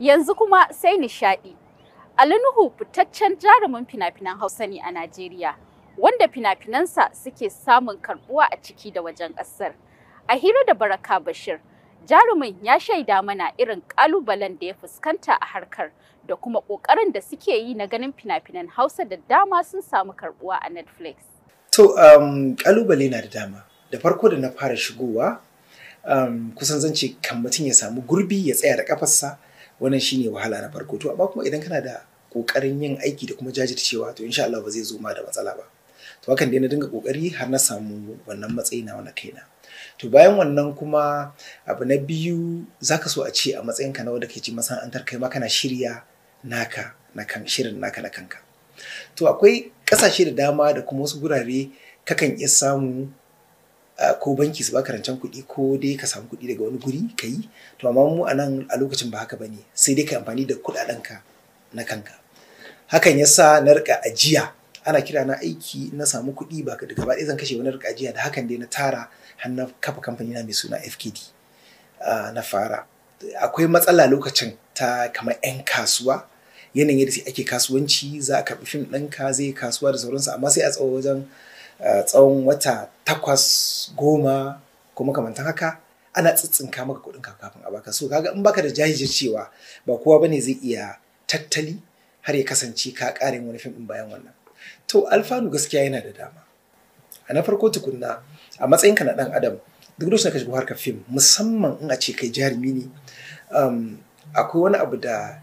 Yanzu kuma sai nishaɗi. Ali Nuhu fitaccen jarumin fina-finan Hausa ne a Najeriya, wanda fina-finansa suke samun karbuwa a ciki da wajen ƙasar. A hira da Baraka Bashir, jarumin ya shaida mana irin ƙalubalen da ya fuskanta a harkar da kuma ƙoƙarin da suke yi na ganin finafinan Hausa da dama sun samu karbuwa a Netflix. To, um, ƙalubale na da dama. Da farko da na fara shigowa, um, kusan zan ce kan mutum ya samu gurbi ya tsaya da ƙafarsa. wannan shine wahala na farko to amma kuma idan kana da kokarin yin aiki da kuma jajircewa to insha Allah ba zai zo ma da matsala ba to hakan dai na dinga kokari har na samu wannan matsayi na wannan kaina to bayan wannan kuma abu na biyu zaka so a ce a matsayinka na wanda ke ci masana'antar kai ma kana shirya naka na kan shirin naka na kanka to akwai kasashe da dama da kuma wasu gurare kakan iya samu ko banki su baka rancen kuɗi ko dai ka samu kuɗi daga wani guri ka yi to amma mu a nan a lokacin ba haka bane sai dai ka amfani da kuɗaɗen ka na kanka hakan ya sa na rika ajiya ana kira na aiki na samu kuɗi ba da gaba ɗaya zan kashe wani rika ajiya da hakan dai na tara har na kafa kamfani na mai suna FKD na fara akwai matsala lokacin ta kamar 'yan kasuwa yanayin yadda ake kasuwanci za a karɓi fim ɗinka zai kasuwa da sauransu amma sai a tsawo wajen Eh, tsawon wata takwas goma ko makamantan haka ana tsitsinka maka kuɗin kafin a baka so kaga in baka da cewa ba kowa bane zai iya tattali har ya kasance ka ƙare wani fim din bayan wannan to alfanu gaskiya yana da dama a na farko tukunna a matsayinka na dan adam duk lokacin da ka shigo harkar fim musamman in a ce kai jarumi ne um, akwai wani abu da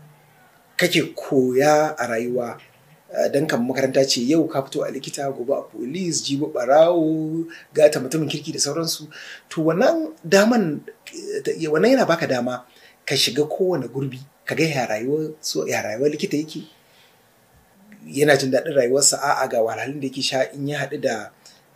kake koya a rayuwa Eh, dan kan makaranta ce yau ka fito a likita gobe a police jibi barawo gata mutumin kirki da sauransu to wannan daman eh, wannan yana baka dama ka shiga kowane gurbi ka ga ya so ya rayuwar likita yake yana jin daɗin rayuwarsa a'a ga wahalhalun da yake sha in ya haɗu da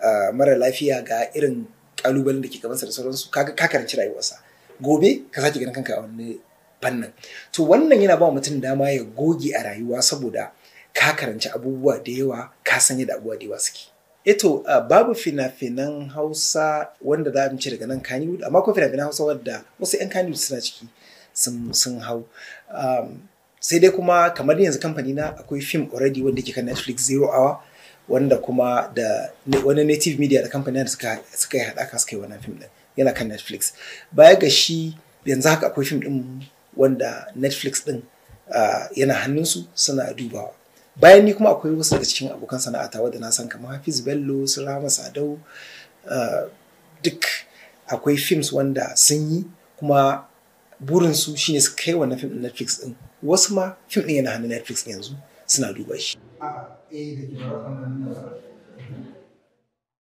eh, mara lafiya ga irin kalubalen da ke gabansa da sauransu ka karanci rayuwarsa gobe ka sake ganin kanka a wani fannin to wannan yana ba mutum dama ya goge a rayuwa saboda ka karanci abubuwa da yawa ka san yadda abubuwa da yawa suke eto eh uh, ah, babu fina-finan hausa wanda za mu ce daga nan kaniwood amma ko fina-finan hausa wadda wasu 'yan kaniwood suna ciki sun hau um, sai dai kuma kamar yanzu kamfani na akwai fim already wanda ke kan netflix zero hour wanda kuma da wani native media da kamfani da suka yi haɗaka suka yi wannan film din yana kan netflix baya ga shi yanzu haka akwai fim din wanda netflix ɗin uh, yana hannunsu suna dubawa bayan ni kuma akwai wasu daga cikin abokan sana'ata wadda na san kamar hafiz bello su rama sadau eh, duk akwai films wanda sun yi kuma burin su shine su kai wannan fim netflix din wasu ma fim din yana hannun netflix yanzu suna duba shi ah, eh,